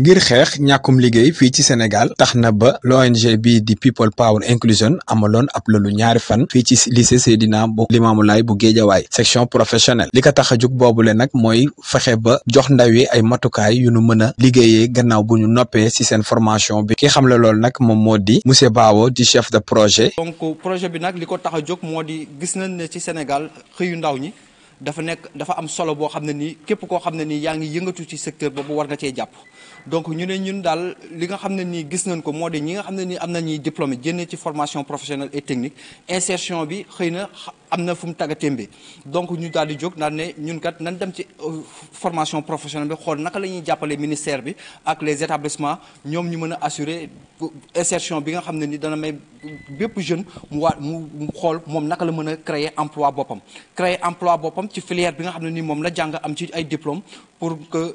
ngir xeex ñàkkum liggéey fii ci Sénégal tax na ba l'ONG bii di People Power Inclusion amaloon ab lalu ñaari fan fii ci lycée Seydina bo Limaamu Laay bu Géejawaay section professionnelle li ko tax a jug boobule nag mooy fexe ba jox ndaw yi ay matukaay yu nu mën a liggéeyee gannaaw bu ñu noppee ci seen formation bi ki xam la loolu nag moom moo di monsieur Bawo di chef de projet. donc projet bi nag li ko tax a jóg moo di gis nañ ne ci Sénégal xëyu ndaw ñi. dafa nekk dafa am solo boo xam ne nii képp koo xam ne nii yaa ngi yëngatu ci secteur boobu war nga cee jàpp donc ñu ne ñun daal li nga xam ne nii gis nañ ko moo de ñi nga xam ne nii am na nañuy diplôme génne ci formation professionnelle et technique insertion bi xëy na amna fum fu mu donc ñu daal di jóg naan ne ñun kat nañ dem ci euh, formation professionnelle bi xol naka lañuy jappalé ministère bi ak les établissements ñom ñu mëna assurer insertion bi nga xamné ni dana may bép jeune mu waa mu xool naka la mëna créer emploi bopam créer emploi bopam ci filière bi nga xamné ni mom la jang am ci ay diplôme pour que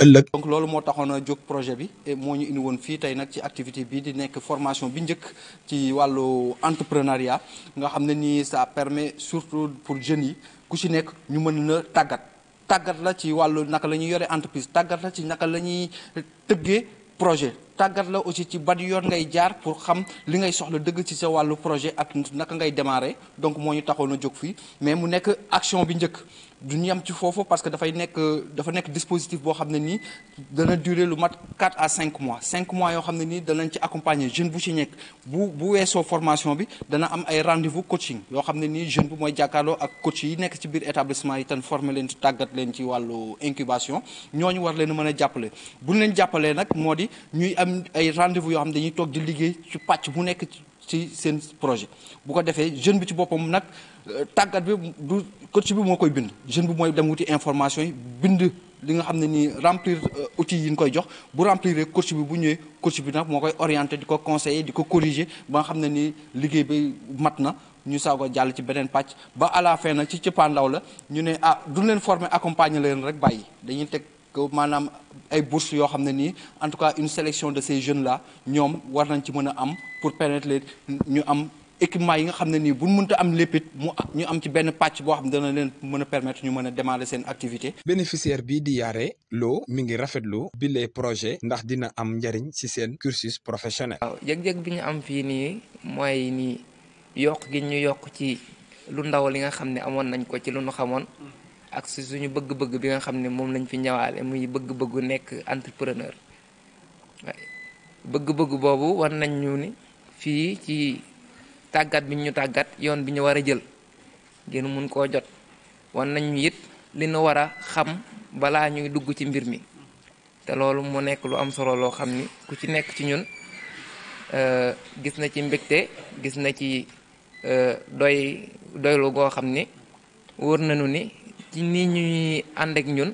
ëllëg. donc loolu moo taxoon a jóg projet bi moo ñu indi woon fii tey nag ci activité bi di nekk formation bi njëkk ci wàllu entrepreneuriat nga xam ne nii ça permet surtout pour jeunes yi ku si nekk ñu mën na tàggat tàggat la ci wàllu naka la ñuy yore entreprise tàggat la ci naka la ñuy tëggee projet tàggat la aussi ci ban yoon ngay jaar pour xam li ngay soxla dëgg ci sa wàllu projet ak naka ngay démarrer donc moo ñu taxoon a jóg fii mais mu nekk action bi njëkk duñu yam ci foofu parce que da fay nek da fa nek dispositif bo xamné ni dana durer lu mat 4 à 5 mois 5 mois yo xamné ni nii danañ ci accompagner jeune bu ci nek bu bu weesoo formation bi dana am ay rendez-vous coaching yo xamné ni jeune bu moy jakarlo ak coach yi nek ci biir établissement yi tan former len ci tàggat leen ci walu incubation ñooñu war len mën jappalé jàppale bu ñu leen jàppalee nag ñuy am ay rendez-vous yo xamné ne dañuy toog di liggéey ci patch bu nek ci ci seen projet bu ko defee jeune bi ci boppam nag euh, tàggat bi du coach bi moo koy bind jeune bi mooy dem wuti information yi bind li nga xam ne nii remplir euh, outil yi ñu koy jox bu remplir rek coach bi bu ñëwee coach bi nag moo koy orienté di ko conseiller di ko corriger ba nga xam ne nii liggéey bi mat na ñu saago jàll ci beneen pàcc ba à la fin nag ci cëppaandaw la ñu ne ah duñ leen former accompagner leen rek bàyyi dañuy teg que manam ay bourse yo xamné ni en tout cas une sélection de ces jeunes là ñom war nañ ci mëna am pour permettre leen ñu am équipement yi nga xamné ni nii bu mënta am léppit mu ñu am ci ben patch bo xamné ne dana leen mëna permettre ñu mëna démarrer sen activité. bénéficiaire bi di yaré Lo mi ngi rafetlu bi les projets ndax dina am ndariñ ci sen cursus professionnel. waaw yëg-yëg bi ñu am fi ni moy ni yok gi ñu yok ci lu ndaw li nga xamné amon nañ ko ci lu ñu xamone ak si suñu bëgg-bëgg bi nga xam ne moom lañ fi ñawaale muy bëgg-bëggu nekk entrepreneur bëgg-bëgg boobu war nañ ñu ni fii ci tàggat bi ñu tàggat yoon bi ñu war a jël ngeen mun koo jot war nañ ñu it li nu war xam balaa ñuy dugg ci mbir mi te loolu mu nekk lu am solo loo xam ni ku ci nekk ci ñun euh, gis na ci mbégte gis na ci euh, doy doylu goo xam ni wóor nañu ni ci nii ñuy ànd ak ñun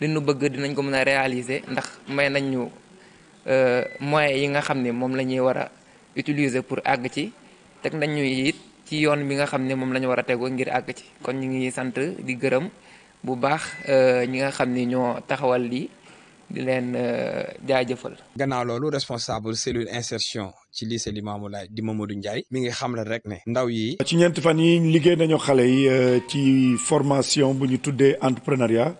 li ñu bëgg dinañ ko mën a réaliser ndax may nañ ñu euh, moyens yi nga xam ne moom la ñuy war a utiliser pour àgg ci teg nañ ñu it ci yoon bi nga xam ne moom lañu ñu war a tegoo ngir àgg ci kon ñu ngi sant di gërëm bu baax euh, ñi nga xam ni ñoo taxawal lii di leen euh, jaajëfal. gannaaw loolu responsable cellule insertion ci lycée Limamoulaye di Mamadou Ndiaye mi ngi xam la rek ne ndaw yi. ci ñeenti fan yi liggéey nañu xale yi euh, ci formation bu ñu tuddee entrepreneuriat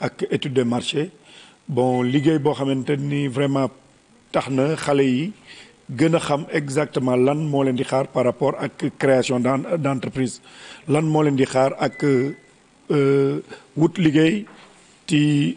ak étude de marché bon liggéey boo xamante ni vraiment tax na xale yi gën a xam exactement lan moo leen di xaar par rapport ak création d' entreprise lan moo leen di xaar ak euh, wut liggéey ci.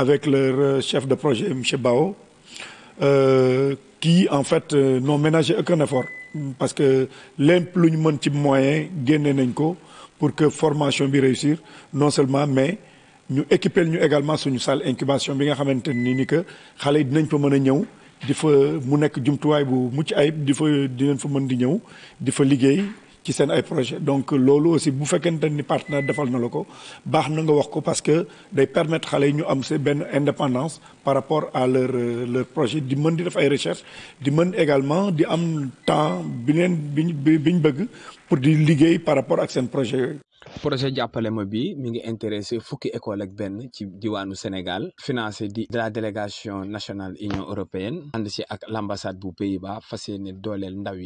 avec leur euh, chef de projet, M. Bao, euh, qui en fait euh, n'ont ménagé aucun effort. Parce que l'implément de moyen pour que la formation puisse réussir, non seulement, mais nous équipons également sur une salle d'incubation, bien que les gens peuvent venir di fa mu nekk jumtuwaay bu mucc ayib di fa dinañ fa mën di ñëw di fa liggéey qui sont ay projet donc Lolo aussi bu de ni partenaire defal na la C'est parce que day permettre à l'Union ñu indépendance par rapport à leur euh, leur projet du monde de def ay recherche di également di am temps pour di lier par rapport à ce projet Le projet jàppale ma bi mi ngi intéressé fukki école ak qui ci au Sénégal financé de la délégation nationale Union européenne ànd l'ambassade du Pays-Bas fas yéene Ndawi. ndaw